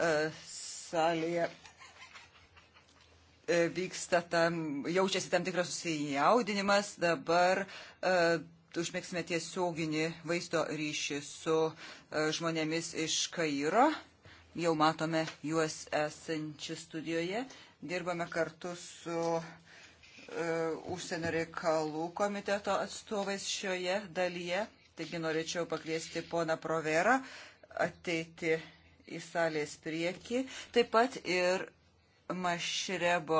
E, salėje e, vyksta tam, jaučiasi tam tikras susijaudinimas, dabar uh, užmėgsime tiesioginį vaizdo ryšį su uh, žmonėmis iš Kairo, jau matome juos esančius studijoje, dirbame kartu su uh, užsienio reikalų komiteto atstovais šioje dalyje, taigi norėčiau pakviesti poną Proverą ateiti į salės priekį. Taip pat ir Mašrebo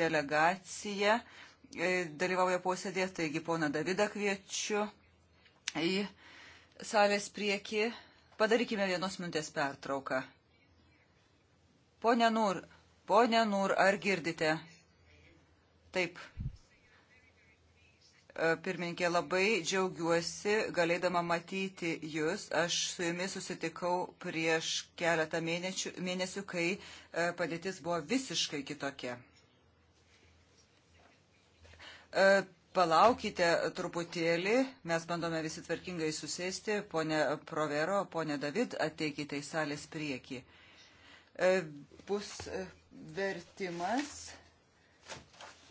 delegacija e, dalyvauja posėdėje, taigi poną Davidą kviečiu į salės priekį. Padarykime vienos minutės pertrauką. Pone Nur, pone Nur, ar girdite? Taip. E, pirmininkė, labai džiaugiuosi galėdama matyti Jūs. Aš su Jumis susitikau prieš keletą mėnesių, mėnesių kai e, padėtis buvo visiškai kitokia. E, palaukite truputėlį, mes bandome visi tvarkingai susėsti. Pone Provero, pone David, ateikite į salės priekį. Bus vertimas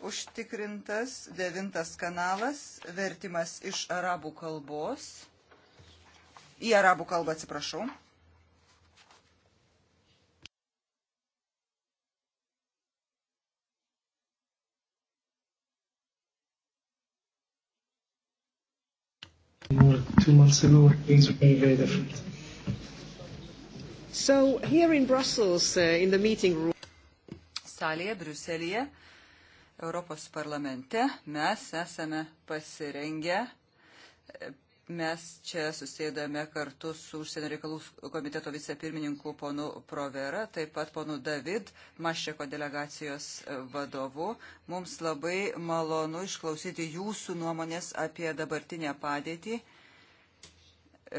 užtikrintas, devintas kanalas, vertimas iš arabų kalbos, į arabų kalbą atsiprašau. Or two months ago, things were very, very different. So here in Brussels, uh, in the meeting room. Salėje, Briuselėje, uh, Europos parlamente mes esame pasirengę, mes čia susėdame kartu su užsienio reikalų komiteto vicepirmininku ponu Provera, taip pat ponu David Mašeko delegacijos e, vadovu. Mums labai malonu išklausyti jūsų nuomonės apie dabartinę padėtį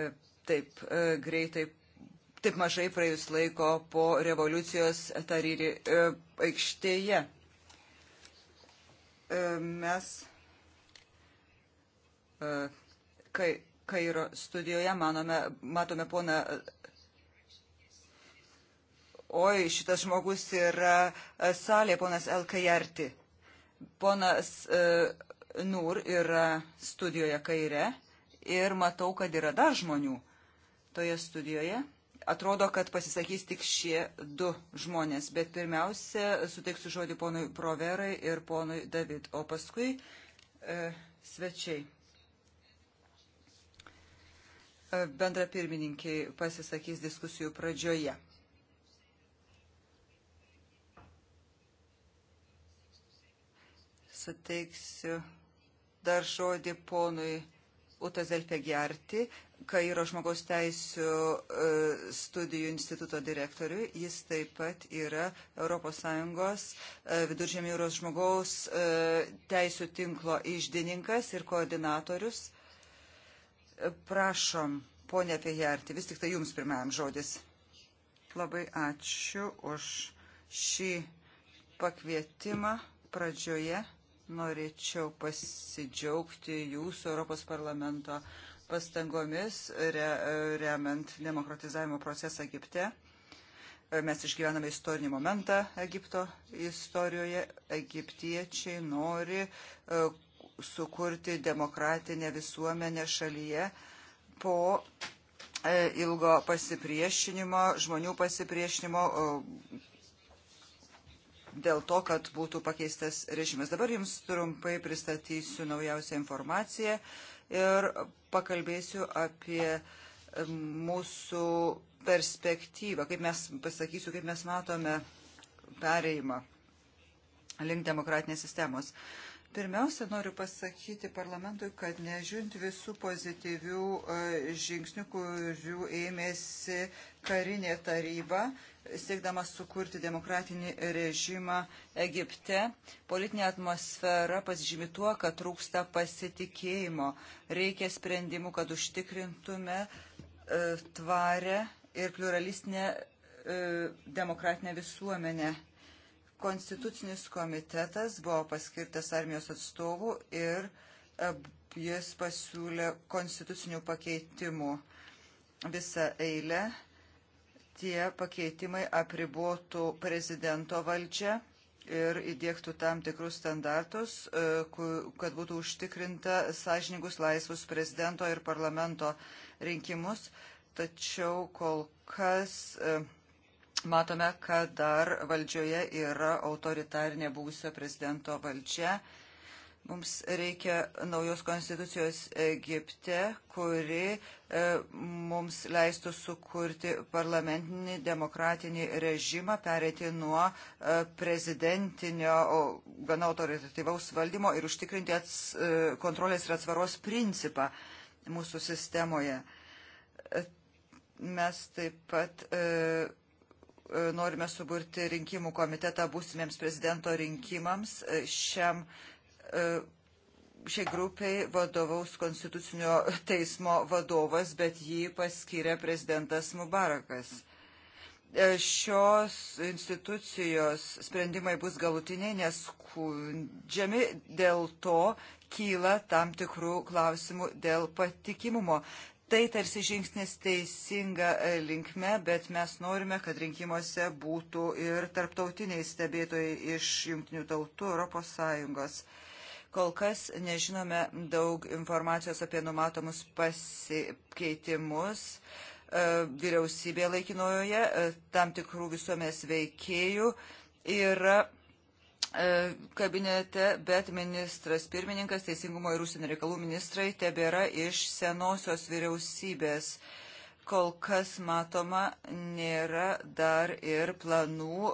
e, taip e, greitai, taip mažai praėjus laiko po revoliucijos Tariri aikštėje. E, mes e, kai, Kairo studijoje manome, matome poną Oi, šitas žmogus yra e, salė, ponas Elkajarti. Ponas uh, Nur yra studijoje kaire ir matau, kad yra dar žmonių toje studijoje atrodo, kad pasisakys tik šie du žmonės, bet pirmiausia, suteiksiu žodį ponui Proverai ir ponui David, o paskui e, svečiai. E, bendra pirmininkiai pasisakys diskusijų pradžioje. Suteiksiu dar žodį ponui Proverai Utozel Pegiarti, Kairo žmogaus teisų e, studijų instituto direktoriui. Jis taip pat yra ES e, viduržėmio jūros žmogaus e, teisų tinklo išdininkas ir koordinatorius. Prašom, ponė Pegiarti, vis tik tai jums pirmajam žodis. Labai ačiū už šį pakvietimą pradžioje norėčiau pasidžiaugti jūsų Europos parlamento pastangomis re, remiant demokratizavimo procesą Egipte. Mes išgyvename istorinį momentą Egipto istorijoje. Egiptiečiai nori e, sukurti demokratinę visuomenę šalyje po e, ilgo pasipriešinimo, žmonių pasipriešinimo, e, dėl to, kad būtų pakeistas režimas. Dabar jums trumpai pristatysiu naujausią informaciją ir pakalbėsiu apie mūsų perspektyvą, kaip mes pasakysiu, kaip mes matome pereimą link demokratinės sistemos. Uh, Pirmiausia, noriu pasakyti parlamentui, kad nežiūrint visų pozityvių e, žingsnių, kurių ėmėsi karinė taryba, siekdama sukurti demokratinį režimą Egipte, politinė atmosfera pasižymi tuo, kad trūksta pasitikėjimo. Reikia sprendimų, kad užtikrintume e, tvarę ir pluralistinę e, demokratinę visuomenę Konstitucinis komitetas buvo paskirtas armijos atstovų ir e, jis pasiūlė konstitucinių pakeitimų visą eilę. Tie pakeitimai apribuotų prezidento valdžią ir įdėktų tam tikrus standartus, e, kad būtų užtikrinta sąžininkus laisvus prezidento ir parlamento rinkimus. Tačiau kol kas e, Matome, kad dar valdžioje yra autoritarnė būsio prezidento valdžia. Mums reikia naujos konstitucijos Egipte, kuri e, mums leistų sukurti parlamentinį demokratinį režimą, pereiti nuo e, prezidentinio, o, gana autoritatyvaus valdymo ir užtikrinti ats, e, kontrolės ir atsvaros principą mūsų sistemoje. E, mes taip pat. E, E, norime suburti rinkimų komitetą būsimiems prezidento rinkimams. E, šiam, e, šiai grupiai vadovaus konstitucinio teismo vadovas, bet jį paskyrė prezidentas Mubarakas. Šios institucijos sprendimai bus galutiniai, nes skundžiami dėl to kyla tam tikrų klausimų dėl patikimumo. Tai tarsi žingsnis teisinga e, linkme, bet mes norime, kad rinkimuose būtų ir tarptautiniai stebėtojai iš jungtinių tautų Europos Sąjungos. Kol kas nežinome daug informacijos apie numatomus pasikeitimus e, vyriausybė laikinojoje, e, tam tikrų visuomės veikėjų yra E, kabinete, bet ministras pirmininkas, teisingumo ir užsienio reikalų ministrai tebėra iš senosios vyriausybės. Kol kas matoma, nėra dar ir planų e,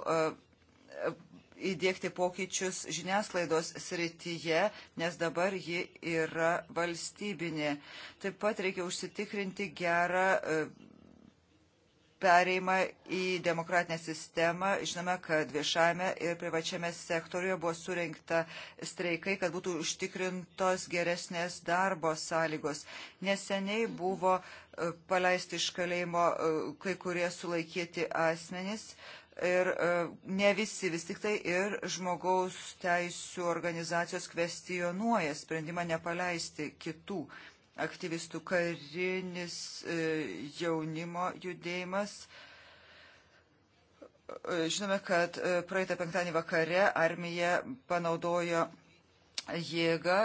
įdėkti pokyčius žiniasklaidos srityje, nes dabar ji yra valstybinė. Taip pat reikia užsitikrinti gerą e, pereimą į demokratinę sistemą. Žinome, kad viešame ir privačiame sektoriuje buvo surinkta streikai, kad būtų užtikrintos geresnės darbo sąlygos. Neseniai buvo e, paleisti iš kalėjimo e, kai kurie sulaikyti asmenys. Ir e, ne visi, vis tik tai ir žmogaus teisų organizacijos kvestionuoja sprendimą nepaleisti kitų aktyvistų, karinis e, jaunimo judėjimas. E, žinome, kad e, praeitą penktadienį vakare armija panaudojo jėgą,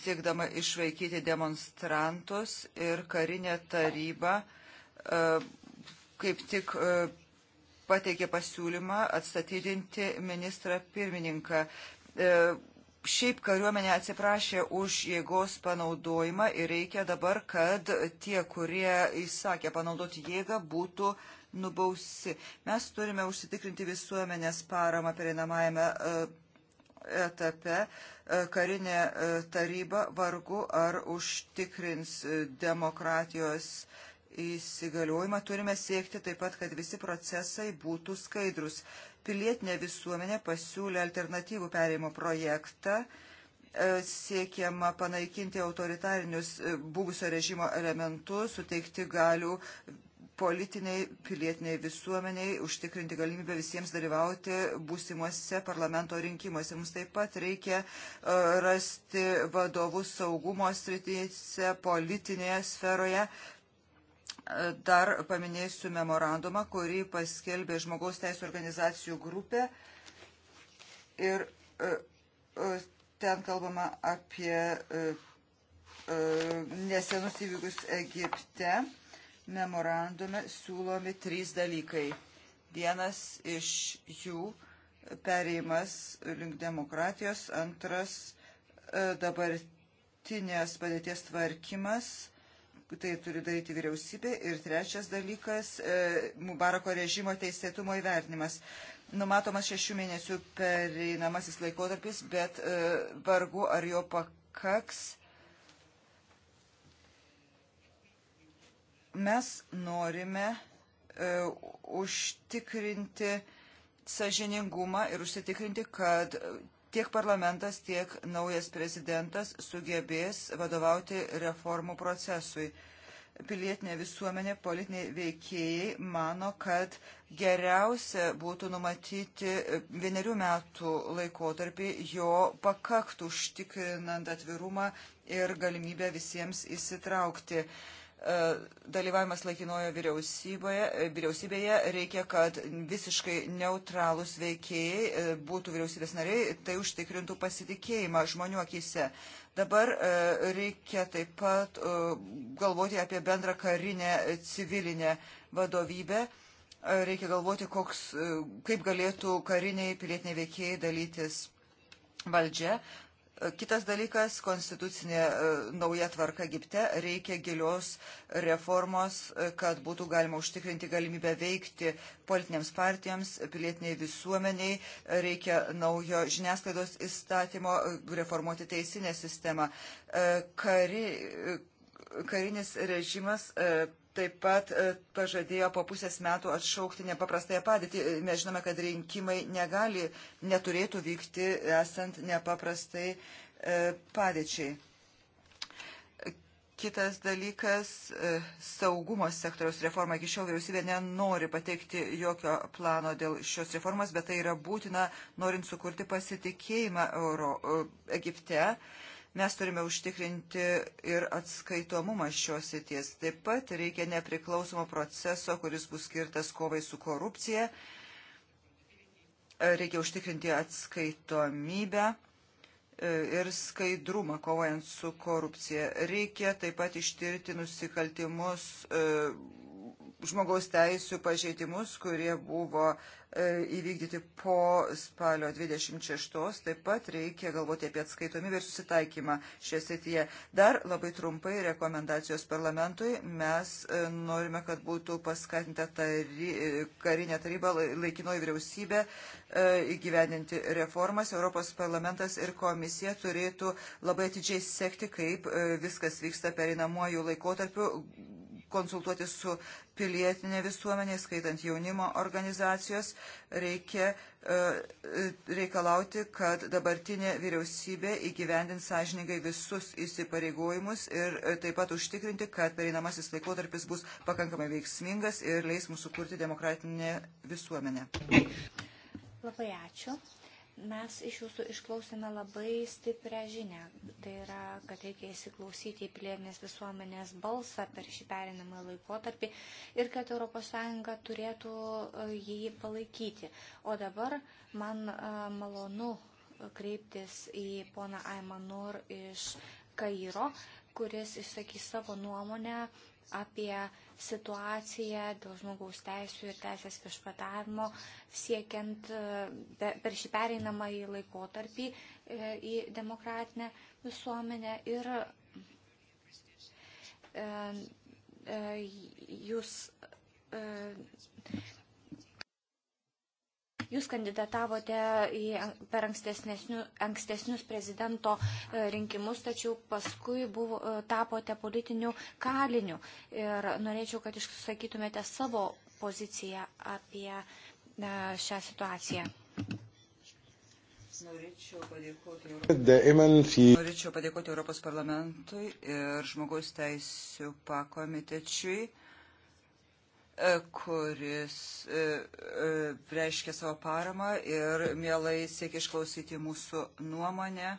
siekdama išvaikyti demonstrantus ir karinė taryba kaip tik pateikė pasiūlymą atstatydinti ministrą pirmininką Šiaip kariuomenė atsiprašė už jėgos panaudojimą ir reikia dabar, kad tie, kurie įsakė panaudoti jėgą, būtų nubausi. Mes turime užsitikrinti visuomenės paramą pereinamajame e, etape. E, karinė e, taryba vargu ar užtikrins demokratijos įsigaliojimą. Turime siekti taip pat, kad visi procesai būtų skaidrus pilietinė visuomenė pasiūlė alternatyvų perėjimo projektą, e, siekiama panaikinti autoritarinius e, buvusio režimo elementus, suteikti galių politiniai, pilietiniai visuomeniai, užtikrinti galimybę visiems dalyvauti būsimuose parlamento rinkimuose. Mums taip pat reikia e, rasti vadovus saugumo srityse, politinėje sferoje, Dar paminėsiu memorandumą, kurį paskelbė žmogaus teisų organizacijų grupė. Ir e, e, ten kalbama apie e, nesenus įvykius Egipte. Memorandume siūlomi trys dalykai. Vienas iš jų perėjimas link demokratijos, antras dabartinės padėties tvarkymas tai turi daryti vyriausybė. Ir trečias dalykas e, - Mubarako režimo teisėtumo įvertinimas. Numatomas šešių mėnesių pereinamasis laikotarpis, bet e, vargu ar jo pakaks. Mes norime uh, užtikrinti uh, sažiningumą ir užsitikrinti, kad tiek parlamentas, tiek naujas prezidentas sugebės vadovauti reformų procesui. Pilietinė visuomenė, politiniai veikėjai mano, kad geriausia būtų numatyti vienerių metų laikotarpį, jo pakaktų užtikrinant atvirumą ir galimybę visiems įsitraukti. Uh, E, dalyvavimas laikinojo vyriausybėje, e, vyriausybėje reikia, kad visiškai neutralūs veikėjai e, būtų vyriausybės nariai, tai užtikrintų pasitikėjimą žmonių akise. Dabar reikia taip pat galvoti apie bendrą karinę civilinę vadovybę. Reikia galvoti, koks, kaip galėtų kariniai pilietiniai veikėjai dalytis valdžia. Kitas dalykas - konstitucinė e, nauja tvarka Egipte. Reikia gilios reformos, e, kad būtų galima užtikrinti galimybę veikti politinėms partijoms, pilietiniai visuomeniai. Reikia naujo žiniasklaidos įstatymo, e, reformuoti teisinę sistemą. Kari, karinis režimas taip pat e, pažadėjo po pusės metų atšaukti nepaprastąją padėtį. E, mes žinome, kad rinkimai negali, neturėtų vykti esant nepaprastai e, padėčiai. Kitas dalykas - saugumo sektoriaus reforma. Iki šiol vyriausybė nenori pateikti jokio plano dėl šios reformos, bet tai yra būtina, norint sukurti pasitikėjimą Euro, Egipte. E, Mes turime užtikrinti ir atskaitomumą šios sėties. Taip pat reikia nepriklausomo proceso, kuris bus skirtas kovai su korupcija. Reikia užtikrinti atskaitomybę e, ir skaidrumą kovojant su korupcija. Reikia taip pat ištirti nusikaltimus e, žmogaus teisų pažeidimus, kurie buvo e, įvykdyti po spalio 26. Taip pat reikia galvoti apie atskaitomybę ir susitaikymą šioje srityje. Dar labai trumpai rekomendacijos parlamentui. Mes e, norime, kad būtų paskatinta tari, e, karinė taryba laikinoji vyriausybė įgyvendinti reformas. Europos parlamentas ir komisija turėtų labai atidžiai sekti, kaip viskas vyksta perinamuoju laikotarpiu konsultuoti su pilietinė visuomenė, skaitant jaunimo organizacijos, reikia e, reikalauti, kad dabartinė vyriausybė įgyvendins sąžiningai visus įsipareigojimus ir e, taip pat užtikrinti, kad pereinamasis laikotarpis bus pakankamai veiksmingas ir leis mūsų kurti demokratinę visuomenę. Labai ačiū. Mes iš jūsų išklausėme labai stiprią žinę. Tai yra, kad reikia įsiklausyti į pilietinės visuomenės balsą per šį perinamą laikotarpį ir kad ES turėtų e, jį palaikyti. O dabar man e, malonu kreiptis į poną Aimanur iš Kairo, kuris išsakys savo nuomonę apie situaciją dėl žmogaus teisų ir teisės viešpatavimo, siekiant e, per šį pereinamąjį laikotarpį e, į demokratinę visuomenę. Ir e, jūs Jūs kandidatavote į, per ankstesnius prezidento e, rinkimus, tačiau paskui buvo, e, tapote politiniu kaliniu. Ir norėčiau, kad išsakytumėte savo poziciją apie e, šią situaciją. Norėčiau padėkoti, Europos... Norėčiau padėkoti Europos parlamentui ir žmogaus teisų pakomitečiui E, kuris e, e, reiškia savo paramą ir mielai siekia išklausyti mūsų nuomonę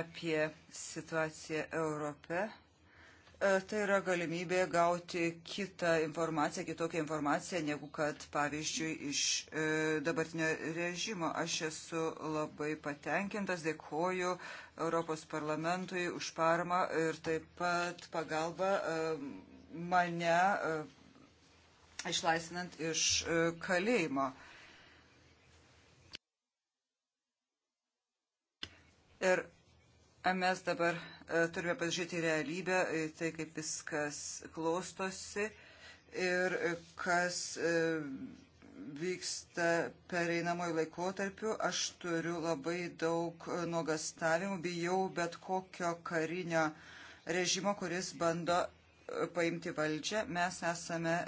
apie situaciją Europe. E, tai yra galimybė gauti kitą informaciją, kitokią informaciją, negu kad, pavyzdžiui, iš e, dabartinio režimo. Aš esu labai patenkintas, dėkoju Europos parlamentui už paramą ir taip pat pagalbą e, mane išlaisinant iš kalėjimo. Ir Mes dabar e, turime pasižiūrėti realybę, e, tai kaip viskas klostosi ir e, kas vyksta pereinamoj laikotarpiu. Aš turiu labai daug nuogastavimų, bijau bet kokio karinio režimo, kuris bando paimti valdžią. Mes esame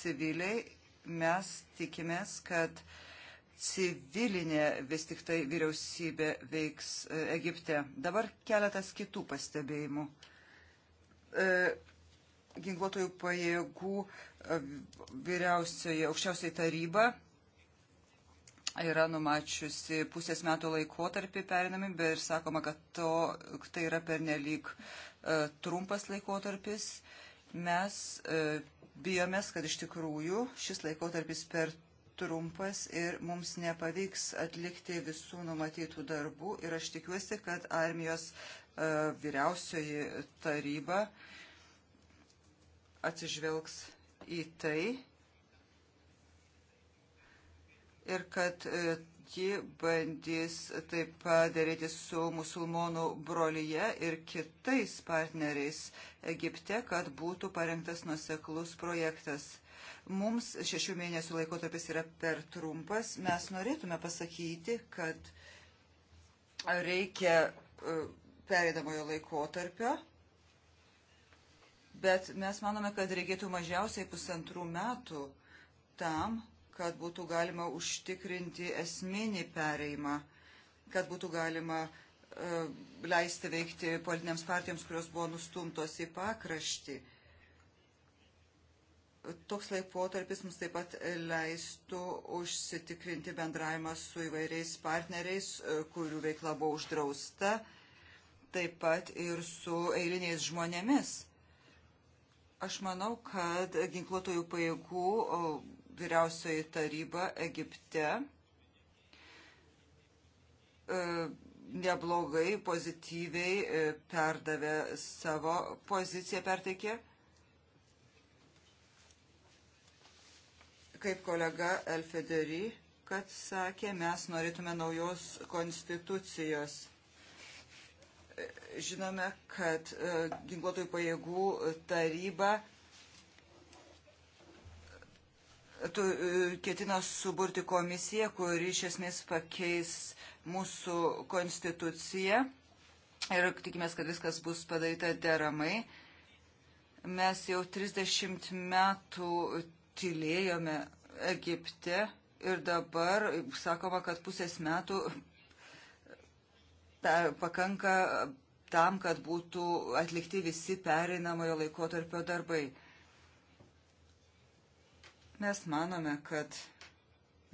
civiliai, mes tikimės, kad uh, civilinė vis tik tai vyriausybė veiks e, Egipte. Dabar keletas kitų pastebėjimų. E, ginkluotojų pajėgų e, vyriausioje aukščiausiai taryba yra numačiusi pusės metų laikotarpį perinami, bet ir sakoma, kad to, tai yra pernelyg e, trumpas laikotarpis. Mes e, bijomės, kad iš tikrųjų šis laikotarpis per trumpas ir mums nepavyks atlikti visų numatytų darbų ir aš tikiuosi, kad armijos e, vyriausioji taryba atsižvelgs į tai ir kad e, ji bandys taip pat dėrėti su musulmonų brolyje ir kitais partneriais Egipte, kad būtų parengtas nuseklus projektas. Mums šešių mėnesių laikotarpis yra per trumpas. Mes norėtume pasakyti, kad reikia e, pereinamojo laikotarpio, bet mes manome, kad reikėtų mažiausiai pusantrų metų tam, kad būtų galima užtikrinti esminį pereimą, kad būtų galima e, leisti veikti politinėms partijoms, kurios buvo nustumtos į pakraštį. Toks laikotarpis mums taip pat leistų užsitikrinti bendravimą su įvairiais partneriais, e, kurių veikla buvo uždrausta, taip pat ir su eiliniais žmonėmis. Aš manau, kad ginkluotojų pajėgų vyriausioji taryba Egipte e, neblogai, pozityviai e, perdavė savo poziciją, perteikė. Kaip kolega Elfederi, kad sakė, mes norėtume naujos konstitucijos. Žinome, kad e, ginkluotojų pajėgų taryba e, tu e, ketina suburti komisiją, kuri iš esmės pakeis mūsų konstituciją ir tikimės, kad viskas bus padaryta deramai. Mes jau 30 metų tylėjome Egipte ir dabar sakoma, kad pusės metų ta, pakanka tam, kad būtų atlikti visi pereinamojo laikotarpio darbai. Mes manome, kad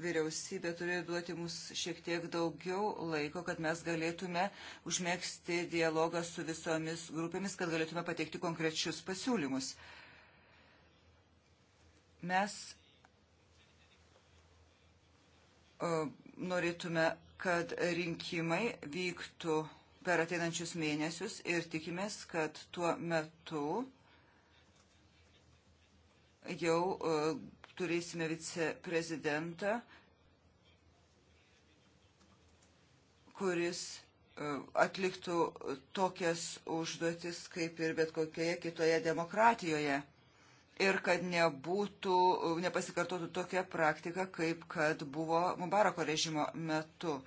vyriausybė turėjo duoti mums šiek tiek daugiau laiko, kad mes galėtume užmėgsti dialogą su visomis grupėmis, kad galėtume pateikti konkrečius pasiūlymus. Uh, Mes e, norėtume, kad rinkimai vyktų per ateinančius mėnesius ir tikimės, kad tuo metu jau e, turėsime viceprezidentą, kuris e, atliktų tokias užduotis kaip ir bet kokioje kitoje demokratijoje ir kad nebūtų, nepasikartotų tokia praktika, kaip kad buvo Mubarako režimo metu.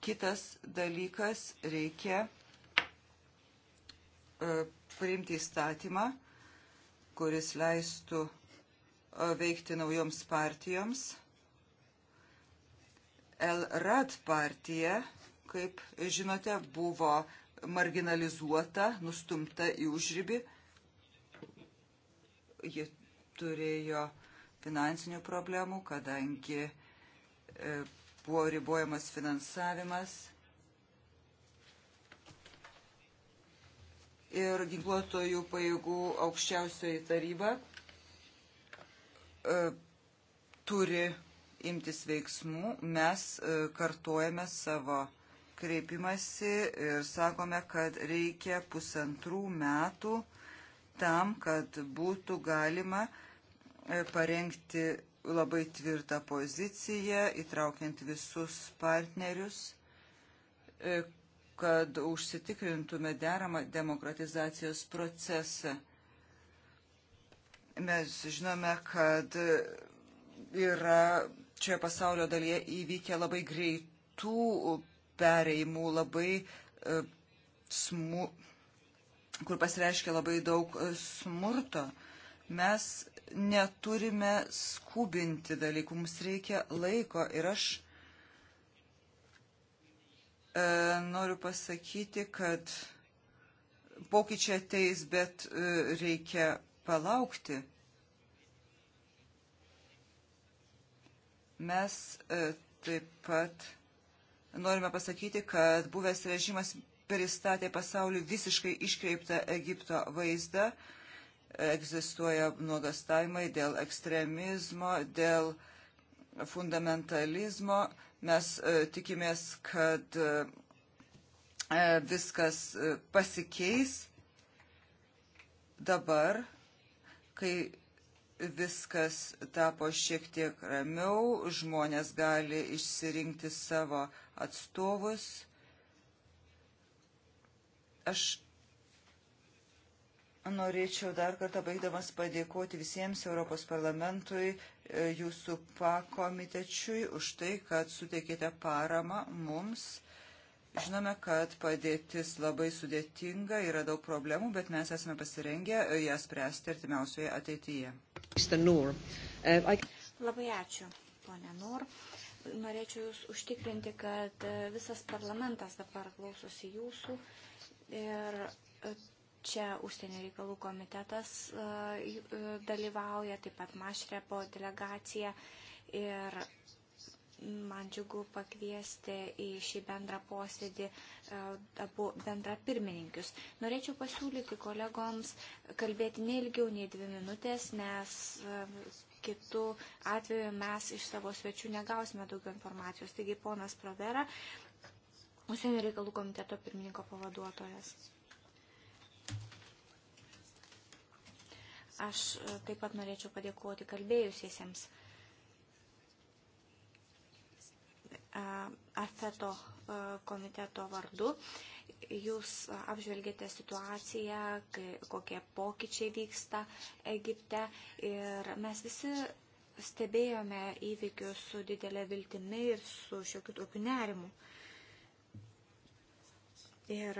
Kitas dalykas, reikia e, priimti įstatymą, kuris leistų e, veikti naujoms partijoms. LRAD partija, kaip žinote, buvo marginalizuota, nustumta į užrybį ji turėjo finansinių problemų, kadangi e, buvo ribojamas finansavimas. Ir ginkluotojų pajėgų aukščiausioji taryba e, turi imtis veiksmų, mes e, kartuojame savo kreipimasi ir sakome, kad reikia pusantrų metų tam, kad būtų galima e, parengti labai tvirtą poziciją, įtraukiant visus partnerius, e, kad užsitikrintume deramą demokratizacijos procesą. Mes žinome, kad yra čia pasaulio dalyje įvykę labai greitų pereimų, labai e, smu, kur pasireiškia labai daug e, smurto, mes neturime skubinti dalykų, mums reikia laiko ir aš e, noriu pasakyti, kad pokyčiai ateis, bet e, reikia palaukti. Mes e, taip pat norime pasakyti, kad buvęs režimas pristatė pasauliu visiškai iškreiptą Egipto vaizdą. Egzistuoja nuogastavimai dėl ekstremizmo, dėl fundamentalizmo. Mes e, tikimės, kad e, e, viskas pasikeis dabar, kai viskas tapo šiek tiek ramiau, žmonės gali išsirinkti savo atstovus Aš norėčiau dar kartą baigdamas padėkoti visiems Europos parlamentui, e, jūsų pakomitečiui už tai, kad suteikėte paramą mums. Žinome, kad padėtis labai sudėtinga, yra daug problemų, bet mes esame pasirengę e, ją spręsti artimiausioje ateityje. E, labai ačiū, ponė Nur. Norėčiau Jūs užtikrinti, kad visas parlamentas dabar klausosi Jūsų Ir e, čia užsienio reikalų komitetas e, e, dalyvauja, taip pat Mašrepo delegacija. Ir man džiugu pakviesti į šį bendrą posėdį abu bendra pirmininkius. Norėčiau pasiūlyti kolegoms kalbėti neilgiau nei dvi minutės, nes kitų atveju mes iš savo svečių negausime daugiau informacijos. Taigi, ponas Provera, Užsienio reikalų komiteto pirmininko pavaduotojas. Aš e, taip pat norėčiau padėkoti kalbėjusiesiems e, AFETO e, komiteto vardu. Jūs apžvelgėte situaciją, kokie pokyčiai vyksta Egipte ir mes visi stebėjome įvykius su didelė viltimi ir su šiokiu tokiu nerimu. Ir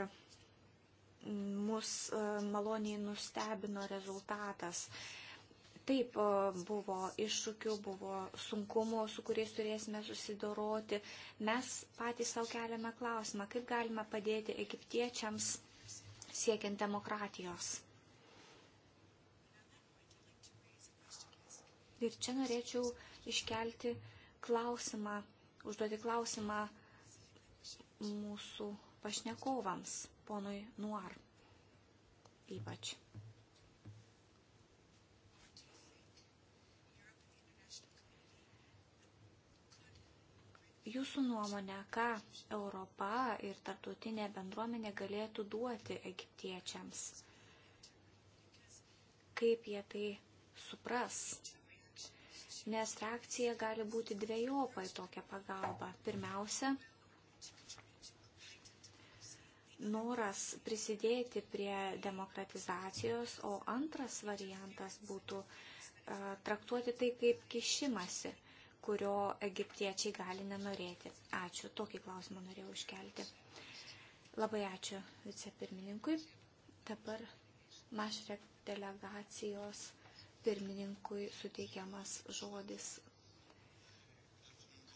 mus e, maloniai nustebino rezultatas. Taip e, buvo iššūkių, buvo sunkumų, su kuriais turėsime susidoroti. Mes patys savo keliame klausimą, kaip galime padėti egiptiečiams siekiant demokratijos. Ir čia norėčiau iškelti klausimą, užduoti klausimą mūsų pašnekovams, ponui Nuar ypač. Jūsų nuomonė, ką Europa ir tarptautinė bendruomenė galėtų duoti egiptiečiams? Kaip jie tai supras? Nes reakcija gali būti dviejopai tokia pagalba. Pirmiausia, noras prisidėti prie demokratizacijos, o antras variantas būtų e, traktuoti tai kaip kišimasi, kurio egiptiečiai gali nenorėti. Ačiū, tokį klausimą norėjau iškelti. Labai ačiū vicepirmininkui. Dabar Mašrek delegacijos pirmininkui suteikiamas žodis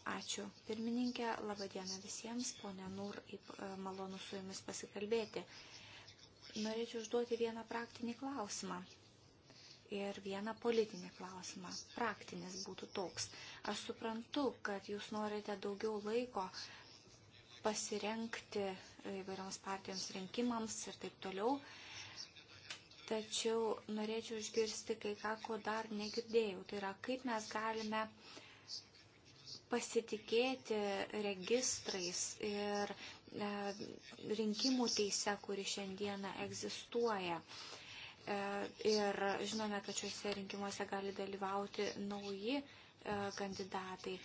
Ačiū. Pirmininkė, laba diena visiems, ponė Nur, e, malonu su jumis pasikalbėti. Norėčiau užduoti vieną praktinį klausimą ir vieną politinį klausimą. Praktinis būtų toks. Aš suprantu, kad jūs norite daugiau laiko pasirenkti įvairioms partijoms rinkimams ir taip toliau. Tačiau norėčiau išgirsti kai ką, ko dar negirdėjau. Tai yra, kaip mes galime uh, pasitikėti registrais ir e, rinkimų teise, kuri šiandieną egzistuoja. E, ir žinome, kad šiuose rinkimuose gali dalyvauti nauji e, kandidatai.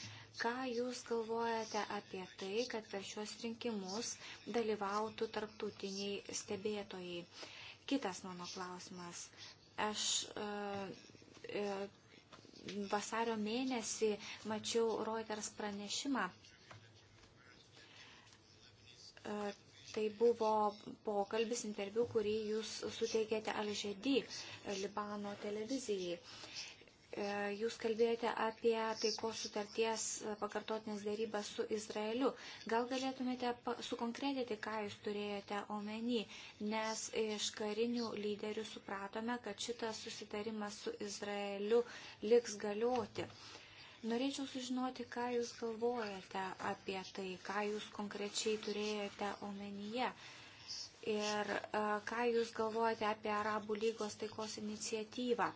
Ką Jūs galvojate apie tai, kad per šiuos rinkimus dalyvautų tarptautiniai stebėtojai? Kitas mano klausimas. Aš vasario mėnesį mačiau Reuters pranešimą. E, tai buvo pokalbis interviu, kurį jūs suteikėte Alžedį Libano televizijai. E, jūs kalbėjote apie taikos sutarties e, pakartotinės dėrybas su Izraeliu. Gal galėtumėte sukonkretinti, ką jūs turėjote omeny, nes iš karinių lyderių supratome, kad šitas susitarimas su Izraeliu liks galioti. Norėčiau sužinoti, ką jūs galvojate apie tai, ką jūs konkrečiai turėjote omenyje ir e, ką Jūs galvojate apie Arabų lygos taikos iniciatyvą.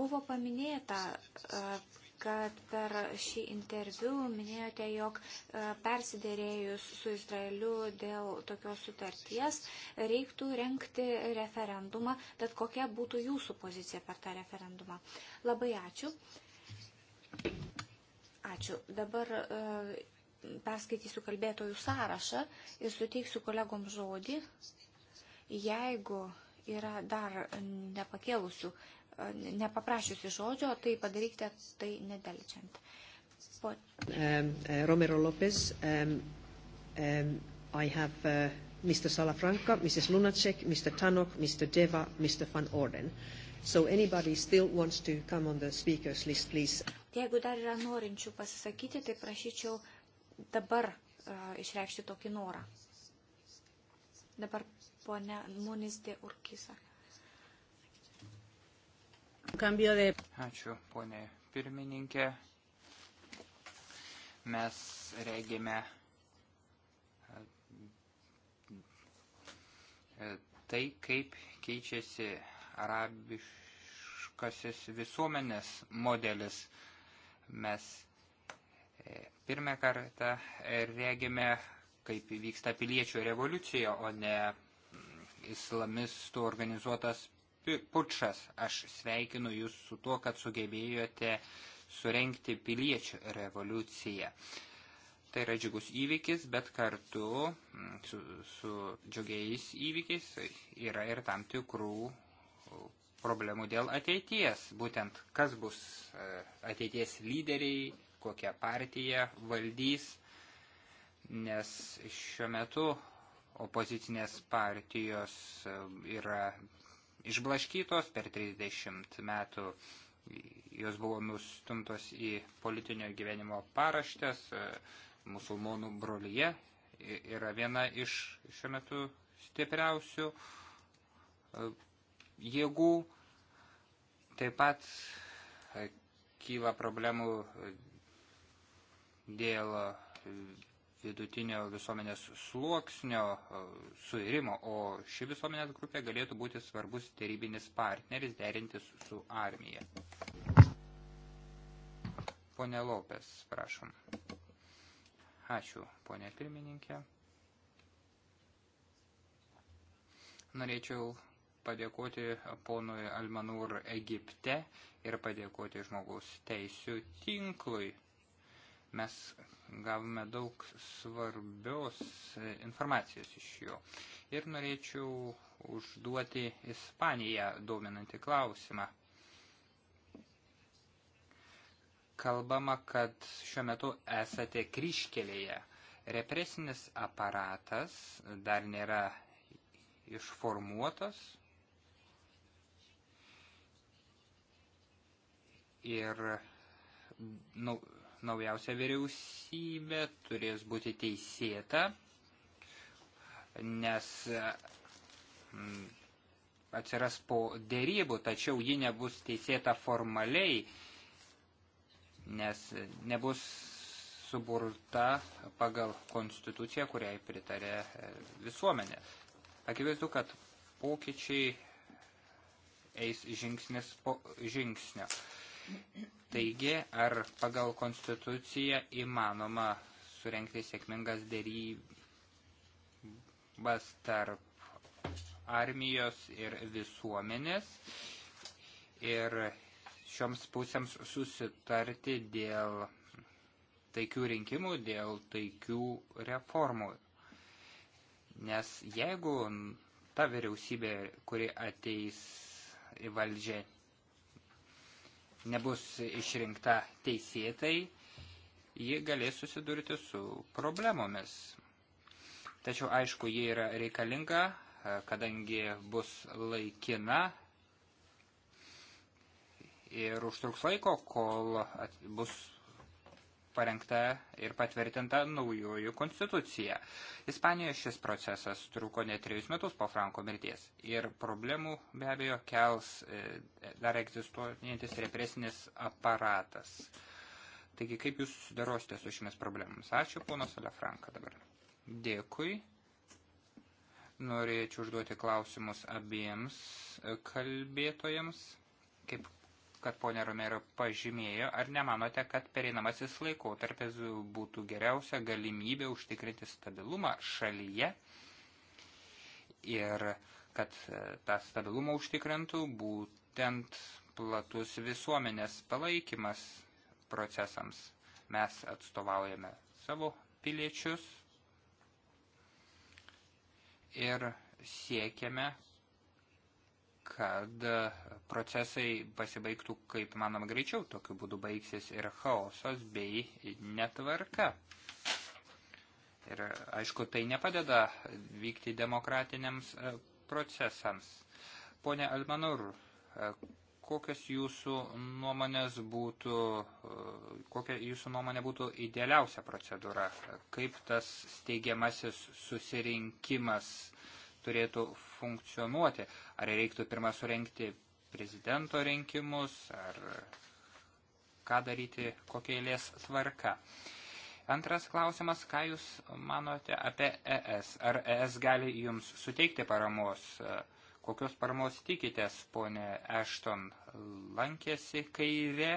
Buvo paminėta, e, kad per šį interviu minėjote, jog e, persidėrėjus su Izraeliu dėl tokios sutarties reiktų renkti referendumą, tad kokia būtų jūsų pozicija per tą referendumą. Labai ačiū. Ačiū. Dabar perskaitysiu kalbėtojų sąrašą ir suteiksiu kolegom žodį. Jeigu yra dar nepakėlusių, nepaprašiusi žodžio, tai padarykite tai nedelčiant. Po... Um, uh, Romero Lopez, um, um, I have uh, Mr. Salafranca, Mrs. Lunacek, Mr. Tanok, Mr. Deva, Mr. Van Orden. So anybody still wants to come on the speakers list, please. Jeigu dar yra norinčių pasisakyti, tai prašyčiau dabar e, išreikšti tokį norą. Dabar ponia Munistė Urkisa. Ačiū, ponė pirmininkė. Mes regime e, e, tai, kaip keičiasi arabiškasis visuomenės modelis. Mes Pirmą kartą regime, kaip vyksta piliečių revoliucija, o ne islamistų organizuotas pučas. Aš sveikinu jūs su tuo, kad sugebėjote surenkti piliečių revoliuciją. Tai yra džiugus įvykis, bet kartu mm, su, su džiugiais įvykiais yra ir tam tikrų problemų dėl ateities. Būtent kas bus e, ateities lyderiai, kokia partija valdys, nes šiuo metu opozicinės partijos um, yra išblaškytos per 30 metų. Jos buvo nustumtos į politinio gyvenimo paraštės, uh, musulmonų brolyje yra viena iš šiuo metu stipriausių uh, jėgų. Taip pat uh, kyla problemų dėl e, vidutinio visuomenės sluoksnio e, suirimo, o ši visuomenės grupė galėtų būti svarbus tarybinis partneris derintis su armija. Pone Lopes, prašom. Ačiū, ponė pirmininkė. Norėčiau padėkoti ponui Almanur Egipte ir padėkoti žmogaus teisių tinklui Mes gavome daug svarbios informacijos iš jo. Ir norėčiau užduoti Ispaniją dominantį klausimą. Kalbama, kad šiuo metu esate kryškelėje. Represinis aparatas dar nėra išformuotas, ir nu, naujausia vyriausybė turės būti teisėta, nes mm, atsiras po dėrybų, tačiau ji nebus teisėta formaliai, nes nebus suburta pagal konstituciją, kuriai pritarė e, visuomenė. Akivaizdu, kad pokyčiai eis žingsnis po žingsnio. Taigi, ar pagal konstituciją įmanoma surenkti sėkmingas dėrybas tarp armijos ir visuomenės ir šioms pusėms susitarti dėl taikių rinkimų, dėl taikių reformų. Nes jeigu ta vyriausybė, kuri ateis į valdžią, nebus išrinkta teisėtai, ji galės susidurti su problemomis. Tačiau, aišku, ji yra reikalinga, e, kadangi bus laikina ir užtruks laiko, kol bus parengta ir patvirtinta naujojų konstitucija. Ispanijoje šis procesas truko ne trejus metus po Franko mirties ir problemų be abejo kels e, dar egzistuojantis represinis aparatas. Taigi, kaip jūs susidarosite su šiomis problemomis? Ačiū, ponas Alefranka dabar. Dėkui. Norėčiau užduoti klausimus abiems e, kalbėtojams. Kaip kad ponė Romero pažymėjo, ar nemanote, kad pereinamasis laikotarpis būtų geriausia galimybė užtikrinti stabilumą šalyje ir kad e, tą stabilumą užtikrintų būtent platus visuomenės palaikymas procesams. Mes atstovaujame savo piliečius ir siekiame, kad e, procesai pasibaigtų kaip manom greičiau, tokiu būdu baigsis ir chaosas bei netvarka. Ir aišku, tai nepadeda vykti demokratiniams e, procesams. Pone Almanur, e, kokios jūsų nuomonės būtų, kokia jūsų nuomonė būtų idealiausia procedūra? Kaip tas steigiamasis susirinkimas turėtų funkcionuoti. Ar reiktų pirmą surenkti prezidento rinkimus, ar ką daryti, kokia eilės tvarka. Antras klausimas, ką Jūs manote apie ES? Ar ES gali Jums suteikti paramos? Kokios paramos tikitės, ponė Ešton, lankėsi kairė?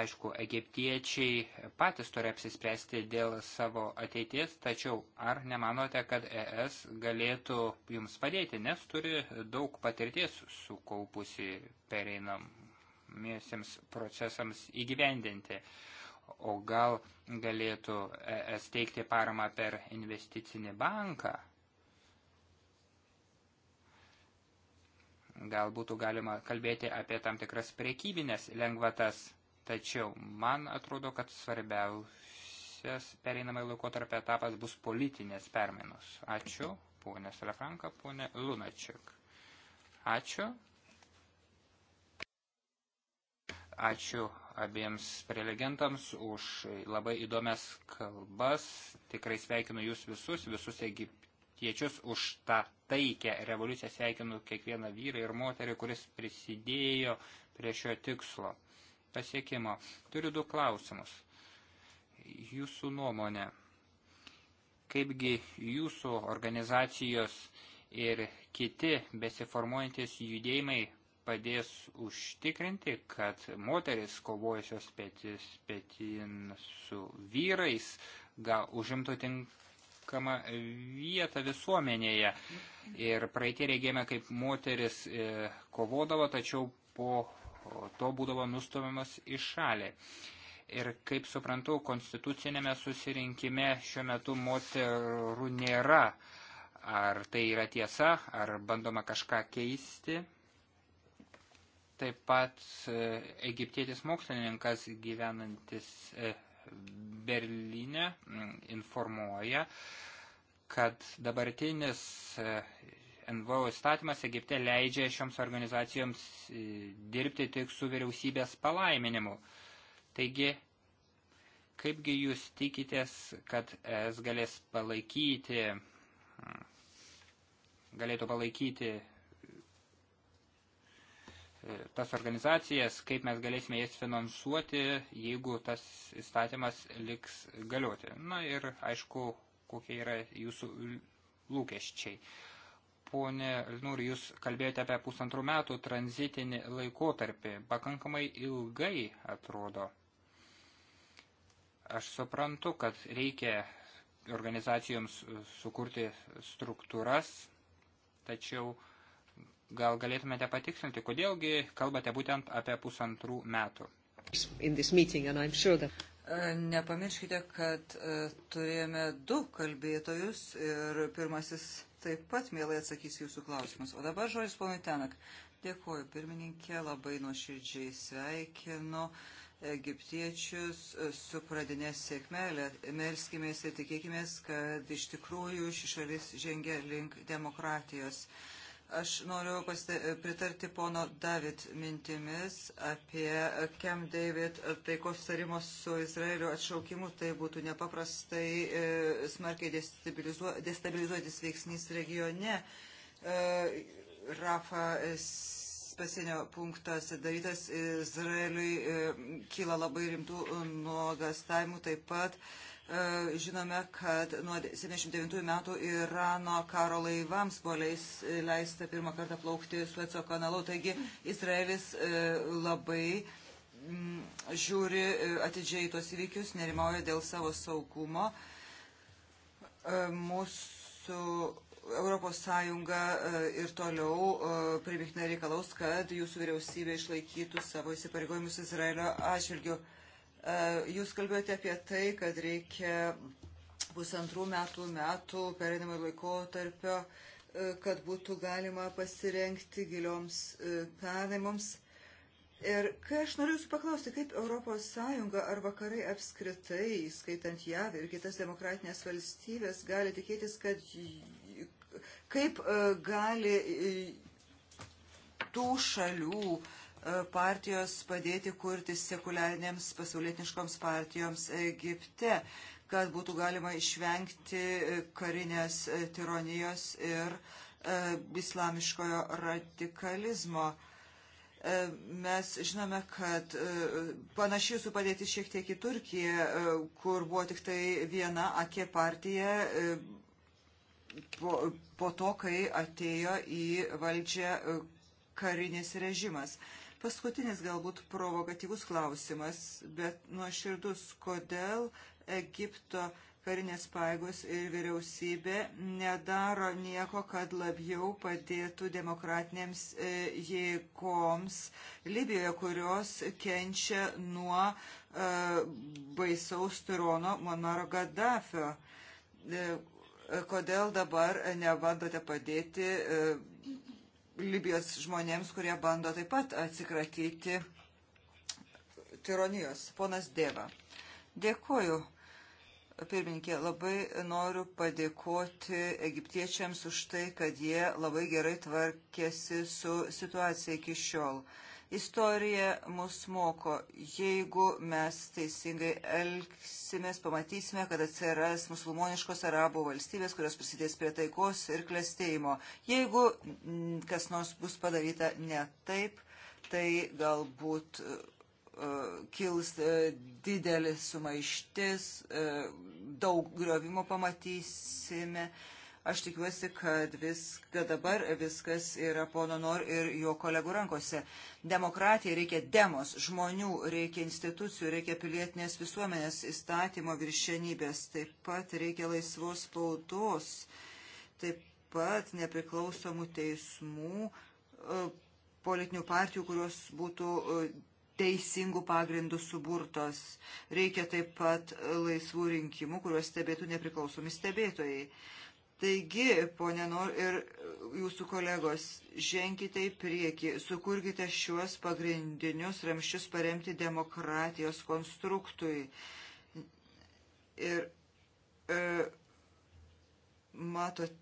Aišku, egiptiečiai patys turi apsispręsti dėl savo ateities, tačiau ar nemanote, kad ES galėtų jums padėti, nes turi daug patirties sukaupusi pereinamiesiems procesams įgyvendinti? O gal galėtų ES teikti paramą per investicinį banką? Gal būtų galima kalbėti apie tam tikras priekybinės lengvatas? Tačiau man atrodo, kad svarbiausias pereinamai laikotarpio etapas bus politinės permainos. Ačiū, ponė Salafranka, ponė Lunačiuk. Ačiū. Ačiū abiems prelegentams už labai įdomias kalbas. Tikrai sveikinu jūs visus, visus egiptiečius už tą taikę revoliuciją. Sveikinu kiekvieną vyrą ir moterį, kuris prisidėjo prie šio tikslo pasiekimo. Turiu du klausimus. Jūsų nuomonė, kaipgi jūsų organizacijos ir kiti besiformuojantis judėjimai padės užtikrinti, kad moteris kovojusios petis, petin su vyrais gal užimtų tinkamą vietą visuomenėje. Ir praeitie regėme, kaip moteris e, kovodavo, tačiau po po to būdavo nustumiamas į šalį. Ir kaip suprantu, konstitucinėme susirinkime šiuo metu moterų nėra. Ar tai yra tiesa, ar bandoma kažką keisti? Taip pat e, egiptietis mokslininkas gyvenantis e, Berlyne informuoja, kad dabartinis e, NVO įstatymas Egipte leidžia šioms organizacijoms e, dirbti tik su vyriausybės palaiminimu. Taigi, kaipgi jūs tikitės, kad es galės palaikyti, mm, galėtų palaikyti e, tas organizacijas, kaip mes galėsime jas finansuoti, jeigu tas įstatymas liks galioti. Na ir aišku, kokie yra jūsų lūkesčiai ponė Lnur, jūs kalbėjote apie pusantrų metų tranzitinį laikotarpį. Pakankamai ilgai atrodo. Aš suprantu, kad reikia organizacijoms sukurti struktūras, tačiau gal galėtumėte patikslinti, kodėlgi kalbate būtent apie pusantrų metų. Sure that... E, nepamirškite, kad e, turėjome du kalbėtojus ir pirmasis taip pat mielai atsakys jūsų klausimus. O dabar žodis ponui Tenak. Dėkuoju, pirmininkė, labai nuoširdžiai sveikinu egiptiečius su pradinė sėkme. Melskimės ir tikėkimės, kad iš tikrųjų ši šalis žengia link demokratijos. Uh, Aš noriu pritarti pono David mintimis apie Kem David taikos sutarimo su Izraeliu atšaukimu. Tai būtų nepaprastai e, smarkiai destabilizuotis veiksnys regione. E, Rafa e, pasienio punktas darytas Izraeliui kyla labai rimtų nuogastavimų taip pat. Uh, E, žinome, kad nuo 79 metų Irano karo laivams buvo leista pirmą kartą plaukti Sueco kanalu, taigi Izraelis e, labai mm, žiūri e, atidžiai tuos įvykius, nerimauja dėl savo saugumo. Mūsų Europos Sąjunga ir toliau primiktinai reikalaus, kad jūsų vyriausybė išlaikytų savo įsipareigojimus Izraelio atžvilgiu. E, jūs kalbėjote apie tai, kad reikia pusantrų metų metų perinamai laikotarpio, e, kad būtų galima pasirenkti gilioms e, perėmams. Ir kai aš noriu jūsų paklausti, kaip ES ar vakarai apskritai, skaitant JAV ir kitas demokratinės valstybės, gali tikėtis, kad kaip gali tų šalių uh, E, partijos padėti kurti sekuliarinėms pasaulietiniškoms partijoms Egipte, kad būtų galima išvengti e, karinės e, tironijos ir islamiškojo radikalizmo mes žinome, kad panašiai su padėtis šiek tiek į Turkiją, kur buvo tik tai viena akė partija po, po to, kai atėjo į valdžią karinis režimas. Paskutinis galbūt provokatyvus klausimas, bet nuoširdus, kodėl Egipto karinės paėgos ir vyriausybė nedaro nieko, kad labiau padėtų demokratinėms e, jėgoms Libijoje, kurios kenčia nuo e, baisaus tirono Monaro Gaddafio. E, kodėl dabar nebandote padėti Libijos žmonėms, kurie bando taip pat atsikratyti tironijos. Ponas Dėva. Dėkuoju, pirmininkė, labai noriu padėkoti egiptiečiams už tai, kad jie labai gerai tvarkėsi su situacija iki šiol. Uh, Istorija mus moko, jeigu mes teisingai elgsimės, pamatysime, kad atsiras musulmoniškos arabų valstybės, kurios prisidės prie taikos ir klestėjimo. Jeigu mm, kas nors bus padaryta ne taip, tai galbūt e, kils e, didelis sumaištis, e, daug griovimo pamatysime Aš tikiuosi, kad, vis, kad dabar viskas yra pono Nor ir jo kolegų rankose. Demokratijai reikia demos, žmonių, reikia institucijų, reikia pilietinės visuomenės įstatymo viršenybės, taip pat reikia laisvos spaudos, taip pat nepriklausomų teismų, e, politinių partijų, kurios būtų e, teisingų pagrindų suburtos. Reikia taip pat laisvų rinkimų, kuriuos stebėtų nepriklausomi stebėtojai. Taigi, ponė Nor ir jūsų kolegos, ženkite į priekį, sukurkite šiuos pagrindinius ramščius paremti demokratijos konstruktui. Ir e, matot,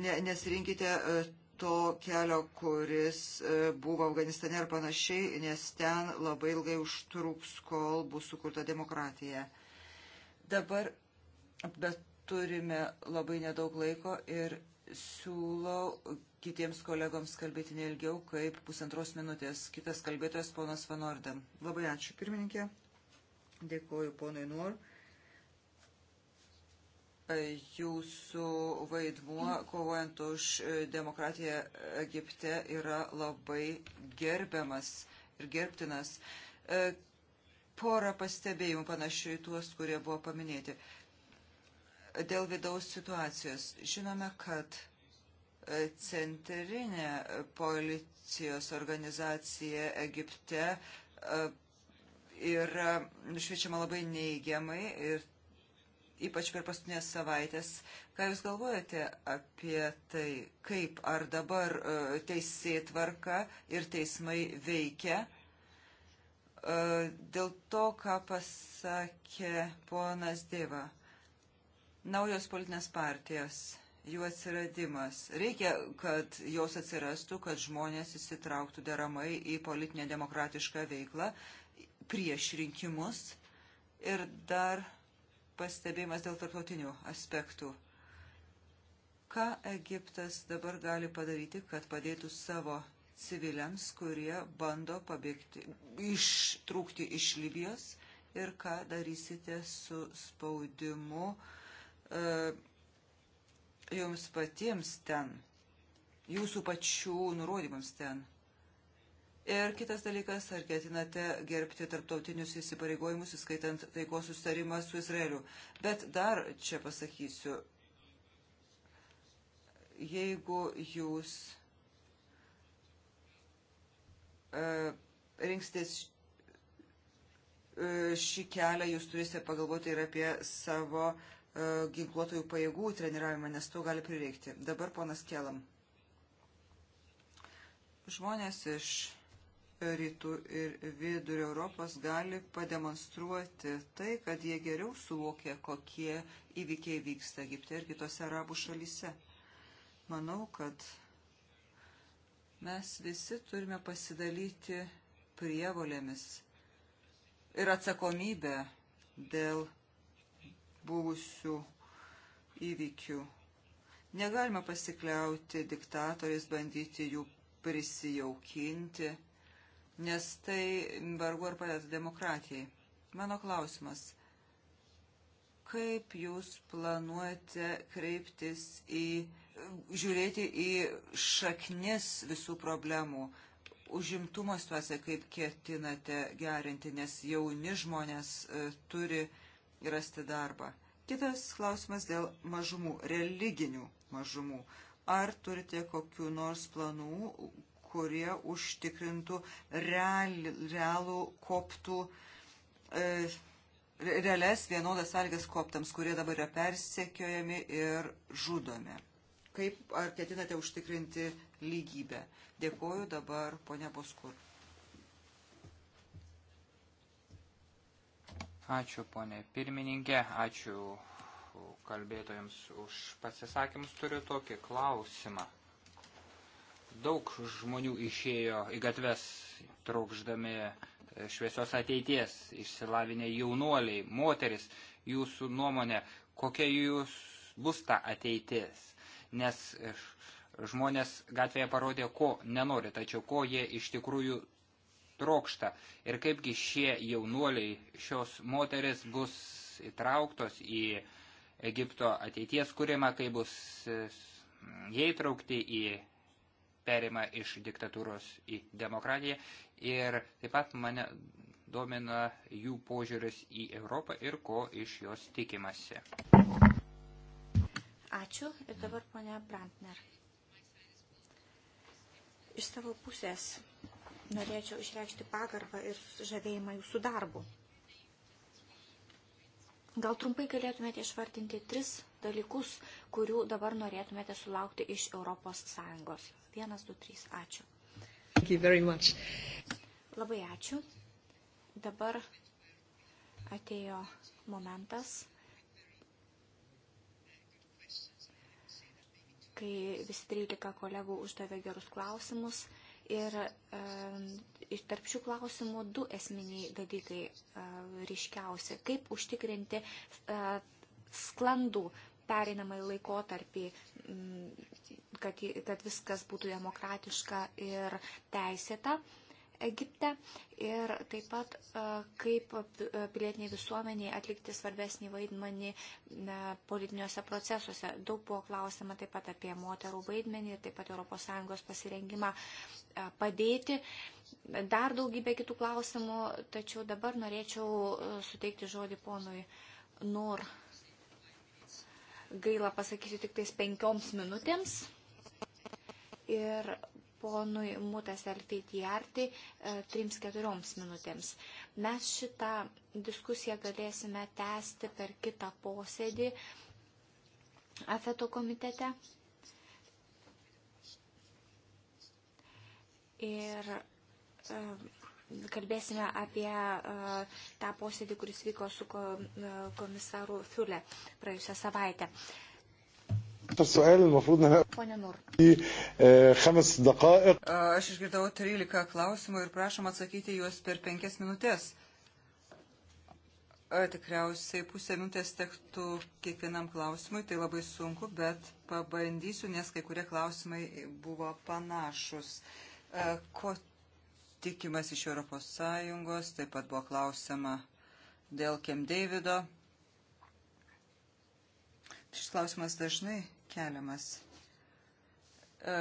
ne, nesirinkite e, to kelio, kuris e, buvo Afganistane ar panašiai, nes ten labai ilgai užtruks, kol bus sukurta demokratija. Dabar, bet Turime labai nedaug laiko ir siūlau kitiems kolegoms kalbėti neilgiau kaip pusantros minutės. Kitas kalbėtojas ponas Van Orden. Labai ačiū pirmininkė. Dėkuoju ponui Nuor jūsų vaidmuo kovojant už demokratiją Egipte yra labai gerbiamas ir gerbtinas. E, porą pastebėjimų panašių į tuos, kurie buvo paminėti. Dėl vidaus situacijos žinome, kad e, centrinė policijos organizacija Egipte e, yra nušviečiama labai neigiamai ir ypač per paskutinės savaitės. Ką Jūs galvojate apie tai, kaip ar dabar e, teisėtvarka ir teismai veikia? Dėl to, ką pasakė ponas Dėva Naujos politinės partijos, jų atsiradimas. Reikia, kad jos atsirastų, kad žmonės įsitrauktų deramai į politinę demokratišką veiklą prieš rinkimus. Ir dar pastebėjimas dėl tarptautinių aspektų. Ką Egiptas dabar gali padaryti, kad padėtų savo civiliams, kurie bando pabėgti, ištrūkti iš Libijos ir ką darysite su spaudimu uh, E, jums patiems ten, jūsų pačių nurodymams ten. Ir kitas dalykas, ar ketinate gerbti tarptautinius įsipareigojimus, įskaitant taikos sustarimą su Izraeliu. Bet dar čia pasakysiu, jeigu jūs uh, e, rinksitės uh, e, šį kelią, jūs turėsite pagalvoti ir apie savo uh, E, ginkluotojų pajėgų treniravimą, nes to gali prireikti. Dabar ponas Kelam. Žmonės iš rytų ir vidurio Europos gali pademonstruoti tai, kad jie geriau suvokia, kokie įvykiai vyksta Egipte ir kitose arabų šalyse. Manau, kad mes visi turime pasidalyti prievolėmis ir atsakomybę dėl buvusių įvykių. Negalima pasikliauti diktatoriais, bandyti jų prisijaukinti, nes tai vargu ar padeda demokratijai. Mano klausimas kaip jūs planuojate kreiptis į, žiūrėti į šaknis visų problemų, užimtumo situaciją, kaip ketinate gerinti, nes jauni žmonės e, turi rasti darbą. Kitas klausimas dėl mažumų, religinių mažumų. Ar turite kokiu nors planų, kurie užtikrintų real, realų koptų, e, realias vienodas sąlygas koptams, kurie dabar yra persekiojami ir žudomi? Kaip ar ketinate užtikrinti lygybę? Dėkoju dabar, ponia Boskur. Ačiū, ponė pirmininkė, ačiū kalbėtojams už pasisakymus. Turiu tokį klausimą. Daug žmonių išėjo į gatves traukždami e, šviesios ateities, išsilavinę jaunuoliai, moteris. Jūsų nuomonė, kokia jūs bus ta ateitis? Nes e, žmonės gatvėje parodė, ko nenori, tačiau ko jie iš tikrųjų trokšta ir kaipgi šie jaunuoliai šios moteris bus įtrauktos į Egipto ateities kūrimą, kai bus e, jie įtraukti į perima iš diktatūros į demokratiją ir taip pat mane domina jų požiūris į Europą ir ko iš jos tikimasi. Ačiū ir dabar ponia Brantner. Iš savo pusės norėčiau išreikšti pagarbą ir žavėjimą jūsų darbu. Gal trumpai galėtumėte išvardinti tris dalykus, kurių dabar norėtumėte sulaukti iš Europos Sąjungos. Vienas, du, trys. Ačiū. Thank you very much. Labai ačiū. Dabar atėjo momentas, kai visi 13 kolegų uždavė gerus klausimus. Ir e, tarp šių klausimų du esminiai dalykai e, ryškiausi. Kaip užtikrinti e, sklandų pereinamąjį laikotarpį, kad, kad viskas būtų demokratiška ir teisėta. E, Egipte ir taip pat e, kaip e, pilietiniai visuomeniai atlikti svarbesnį vaidmenį e, politiniuose procesuose. Daug buvo klausima taip pat apie moterų vaidmenį ir taip pat ES pasirengimą padėti. Dar daugybė kitų klausimų, tačiau dabar norėčiau suteikti žodį ponui Nur. Gaila pasakysiu tik tais penkioms minutėms. Ir ponui Mutas Elteitijartai 3-4 minutėms. Mes šitą diskusiją galėsime tęsti per kitą posėdį AFETO komitete. Ir e, kalbėsime apie e, tą posėdį, kuris vyko su e, komisaru Fiule praėjusią savaitę. السؤال المفروض ان انا في خمس دقائق Aš išgirdau 13 klausimų ir prašom atsakyti juos per 5 minutės. Tikriausiai pusę minutės tektų kiekvienam klausimui, tai labai sunku, bet pabandysiu, nes kai kurie klausimai buvo panašus. Ko tikimas iš Europos Sąjungos, taip pat buvo klausima dėl Kem Davido. Šis klausimas dažnai keliamas. E,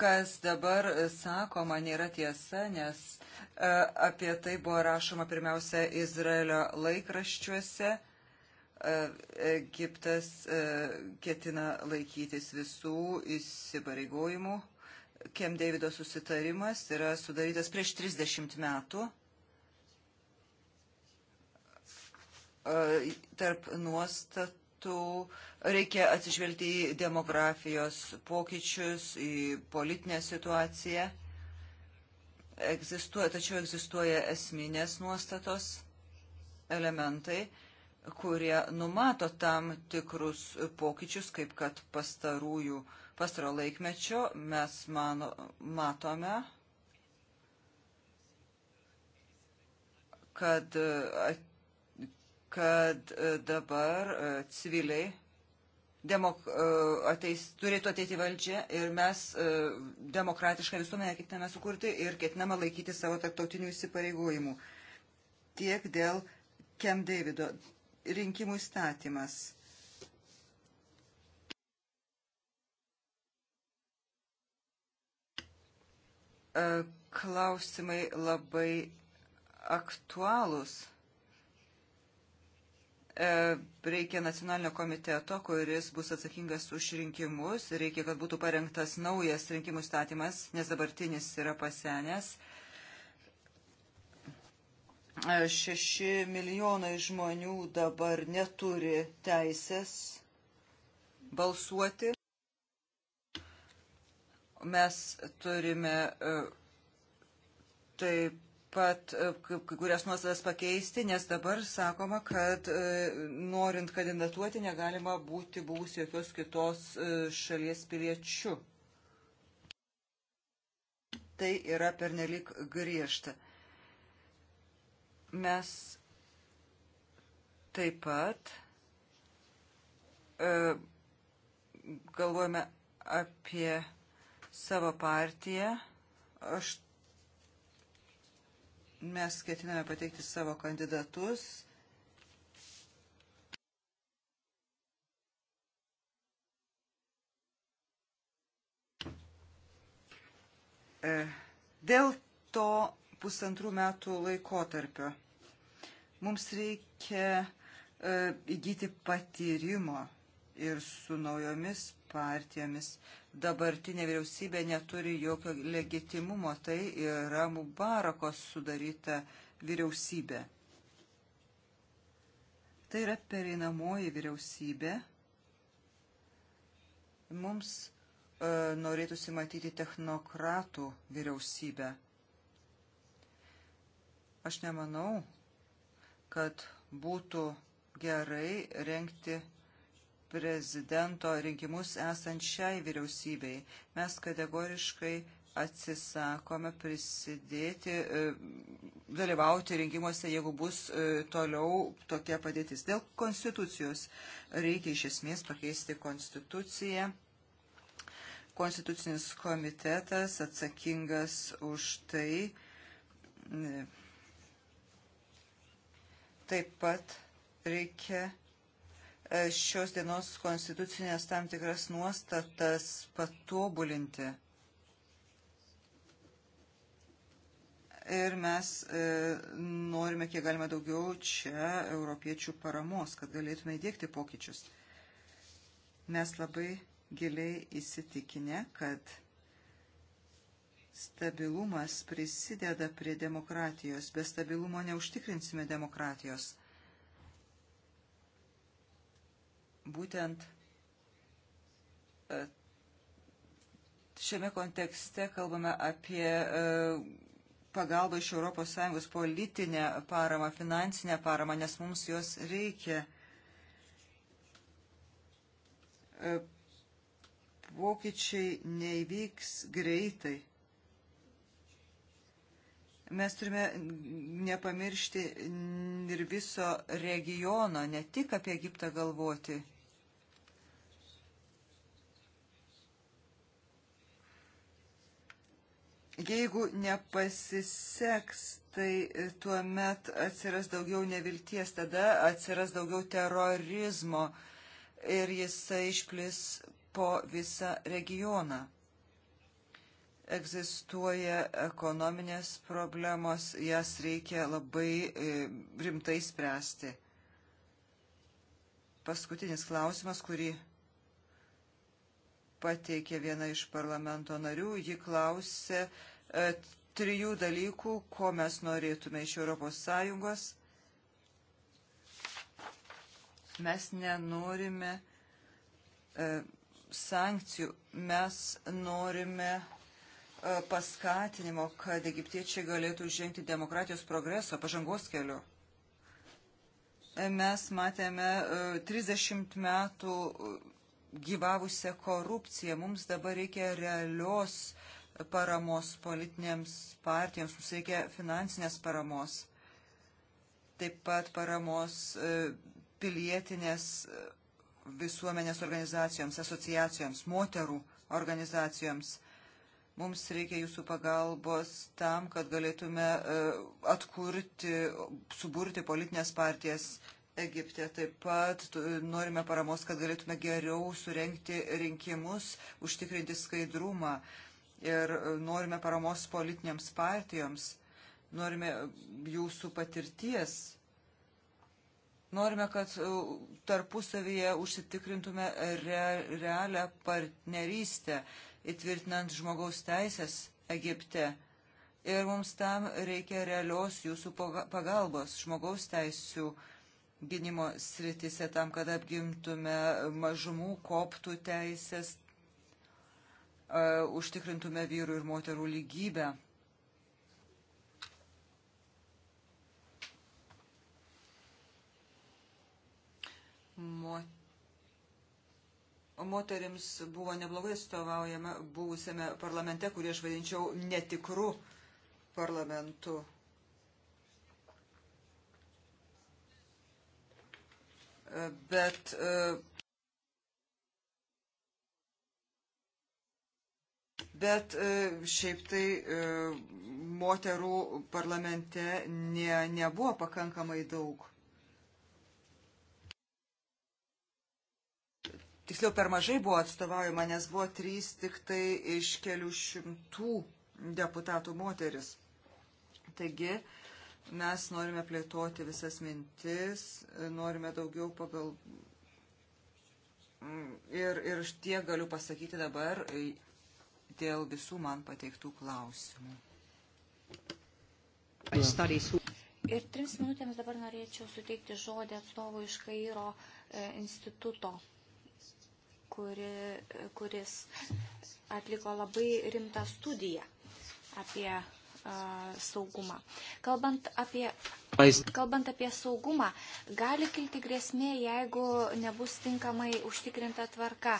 kas dabar sakoma nėra tiesa, nes e, apie tai buvo rašoma pirmiausia Izraelio laikraščiuose. E, Egiptas ketina laikytis visų įsipareigojimų. Kem Davido susitarimas yra sudarytas prieš 30 metų. tarp nuostatų metų reikia atsižvelgti į demografijos pokyčius, į politinę situaciją. Egzistuoja, tačiau egzistuoja esminės nuostatos, elementai, kurie numato tam tikrus pokyčius, kaip kad pastarųjų, pastaro laikmečio mes mano, matome, kad at, kad e, dabar e, civiliai demok, e, ateis, turėtų ateiti valdžia ir mes demokratišką visuomenę ketiname sukurti ir ketiname laikyti savo tarptautinių įsipareigojimų. Tiek dėl Kem Davido rinkimų įstatymas. Klausimai labai aktualūs. E, reikia nacionalinio komiteto, kuris bus atsakingas už rinkimus, reikia, kad būtų parengtas naujas rinkimų statymas, nes dabartinis yra pasenęs. 6 e, milijonai žmonių dabar neturi teisės balsuoti. Mes turime e, taip pat e, kai kurias nuostatas pakeisti, nes dabar sakoma, kad e, norint kandidatuoti negalima būti buvus jokios kitos e, šalies piliečių. Tai yra pernelik griežta. Mes taip pat galvojame apie savo partiją. Aš Mes ketiname pateikti savo kandidatus. E, dėl to pusantrų metų laikotarpio mums reikia e, įgyti patyrimo ir su naujomis partijomis. Dabartinė vyriausybė neturi jokio legitimumo, tai yra Mubarakos sudaryta vyriausybė. Tai yra pereinamoji vyriausybė. Mums e, norėtųsi matyti technokratų vyriausybę. Aš nemanau, kad būtų gerai renkti prezidento rinkimus esančiai vyriausybei. Mes kategoriškai atsisakome prisidėti, e, dalyvauti rinkimuose, jeigu bus e, toliau tokia padėtis. Dėl konstitucijos reikia iš esmės pakeisti konstituciją. Konstitucinis komitetas atsakingas už tai. E, taip pat reikia šios dienos konstitucinės tam tikras nuostatas patobulinti. Ir mes e, norime, kiek galima daugiau čia europiečių paramos, kad galėtume įdėkti pokyčius. Mes labai giliai įsitikinę, kad stabilumas prisideda prie demokratijos. Be stabilumo neužtikrinsime demokratijos būtent e, šiame kontekste kalbame apie e, pagalbą iš ES politinę paramą, finansinę paramą, nes mums jos reikia. E, pokyčiai neįvyks greitai. Mes turime nepamiršti ir viso regiono, ne tik apie Egiptą galvoti. Jeigu nepasiseks, tai tuo met atsiras daugiau nevilties, tada atsiras daugiau terorizmo ir jisai išplis po visą regioną egzistuoja ekonominės problemos, jas reikia labai e, rimtai spręsti. Paskutinis klausimas, kurį pateikė viena iš parlamento narių, ji klausė e, trijų dalykų, ko mes norėtume iš Europos Sąjungos. Mes nenorime e, sankcijų, mes norime E, paskatinimo, kad egiptiečiai galėtų žengti demokratijos progreso, pažangos keliu. E, mes matėme 30 e, metų gyvavusią korupciją. Mums dabar reikia realios paramos politinėms partijoms, mums reikia finansinės paramos, taip pat paramos pilietinės visuomenės organizacijoms, asociacijoms, moterų organizacijoms. Mums reikia jūsų pagalbos tam, kad galėtume e, atkurti, suburti politinės partijas Egipte. Taip pat norime paramos, kad galėtume geriau surenkti rinkimus, užtikrinti skaidrumą ir e, norime paramos politinėms partijoms, norime e, jūsų patirties, norime, kad tarpusavyje užsitikrintume re, realią partnerystę įtvirtinant žmogaus teisės Egipte. Ir mums tam reikia realios jūsų pagalbos žmogaus teisų gynimo sritise tam, kad apgimtume mažumų, koptų teisės, uh, užtikrintume vyrų ir moterų lygybę. Moterų moterims buvo neblogai atstovaujama buvusiame parlamente, kurį aš vadinčiau netikru parlamentu. Bet Bet šiaip tai moterų parlamente ne, nebuvo pakankamai daug. tiksliau per mažai buvo atstovaujama, nes buvo trys tik tai iš kelių šimtų deputatų moteris. Taigi, mes norime plėtoti visas mintis, norime daugiau pagal. Ir, ir tiek galiu pasakyti dabar dėl visų man pateiktų klausimų. Ir trims minutėms dabar norėčiau suteikti žodį atstovui iš Kairo e, instituto kuri, kuris atliko labai rimtą studiją apie saugumą. Kalbant apie, kalbant apie saugumą, gali kilti grėsmė, jeigu nebus tinkamai užtikrinta tvarka.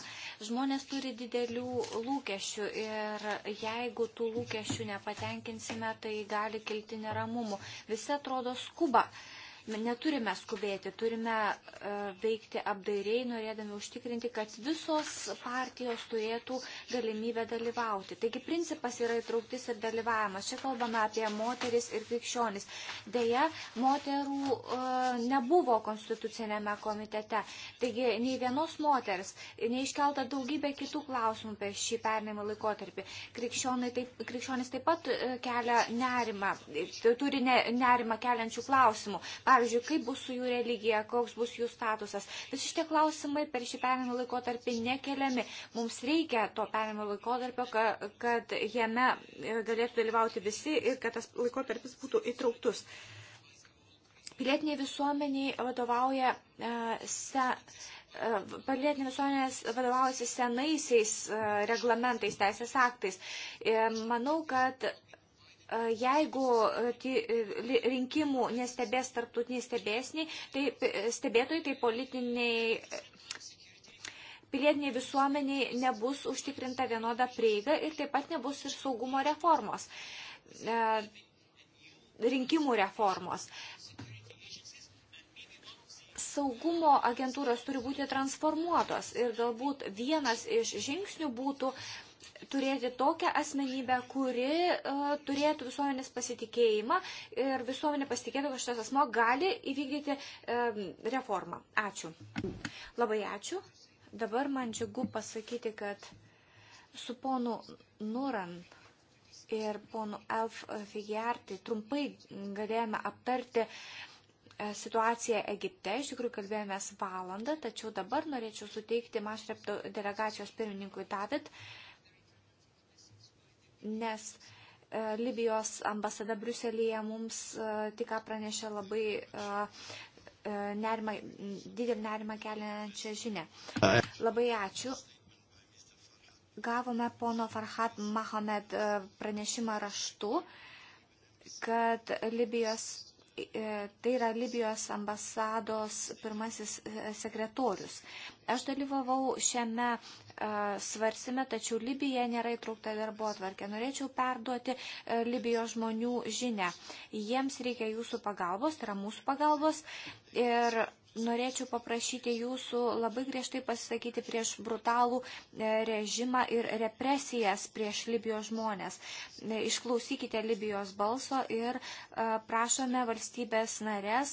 Žmonės turi didelių lūkesčių ir jeigu tų lūkesčių nepatenkinsime, tai gali kilti neramumų. Visi atrodo skuba. Uh, Neturime skubėti, turime e, veikti apdairiai, norėdami užtikrinti, kad visos partijos turėtų galimybę dalyvauti. Taigi principas yra įtrauktis ir dalyvavimas. Čia kalbame apie moteris ir krikščionis. Deja, moterų e, nebuvo konstitucinėme komitete. Taigi nei vienos moters, neiškelta daugybė kitų klausimų apie šį pernimą laikotarpį. Taip, krikščionis taip pat e, kelia nerimą, turi nerimą keliančių klausimų. Pavyzdžiui, Pavyzdžiui, kaip bus su jų religija, koks bus jų statusas. Visi šitie klausimai per šį perėmimo laikotarpį nekeliami. Mums reikia to perėmimo laikotarpio, kad jame galėtų dalyvauti visi ir kad tas laikotarpis būtų įtrauktus. Pilietiniai visuomeniai vadovauja e, se, e, pilietinė visuomenės vadovaujasi senaisiais e, reglamentais, teisės aktais. Manau, kad E, jeigu e, e, rinkimų nestebės tarptautiniai stebėsniai, tai stebėtojai, tai politiniai pilietiniai visuomeniai nebus užtikrinta vienoda prieiga ir taip pat nebus ir saugumo reformos, rinkimų reformos saugumo agentūros turi būti transformuotos ir galbūt vienas iš žingsnių būtų turėti tokią asmenybę, kuri uh, turėtų visuomenės pasitikėjimą ir visuomenė pasitikėtų, kad šitas asmo gali įvykdyti um, reformą. Ačiū. Labai ačiū. Dabar man džiugu pasakyti, kad su ponu Nuran ir ponu Elf Figerti trumpai galėjome aptarti e, situaciją Egipte. Iš tikrųjų, kalbėjomės valandą, tačiau dabar norėčiau suteikti Mašrepto delegacijos pirmininkui David uh, nes e, Libijos ambasada Bruselėje mums e, tik ką pranešė labai e, nerimą, didelį nerimą keliančią žinę. Labai ačiū. Gavome pono Farhat Mohamed pranešimą raštu, kad Libijos, tai yra Libijos ambasados pirmasis sekretorius. Aš dalyvavau šiame E, svarsime, tačiau Libija nėra įtraukta darbo atvarkė. Norėčiau perduoti e, Libijos žmonių žinę. Jiems reikia jūsų pagalbos, tai yra mūsų pagalbos. Ir norėčiau paprašyti jūsų labai griežtai pasisakyti prieš brutalų e, režimą ir represijas prieš Libijos žmonės. Išklausykite Libijos balso ir prašome valstybės narės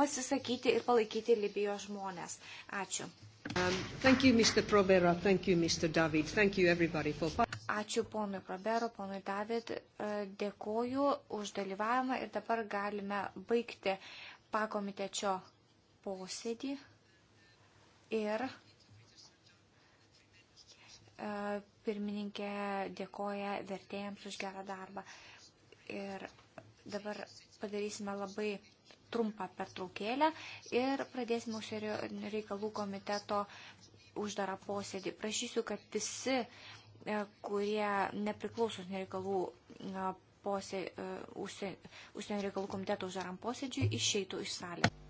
pasisakyti ir palaikyti Libijos žmonės. Ačiū. Um, thank you, Mr. Provera. Thank you, Mr. David. Thank you, everybody, for... Ačiū ponui Provero, ponui David. E, dėkoju už dalyvavimą ir dabar galime baigti pakomitečio posėdį ir e, pirmininkė dėkoja vertėjams už gerą darbą. Ir dabar padarysime labai trumpą pertraukėlę ir pradėsime užsienio reikalų komiteto uždarą posėdį. Prašysiu, kad visi, e, kurie nepriklauso užsienio reikalų e, posėdį, e, užsienio reikalų komiteto uždaram posėdžiui, išeitų iš salės.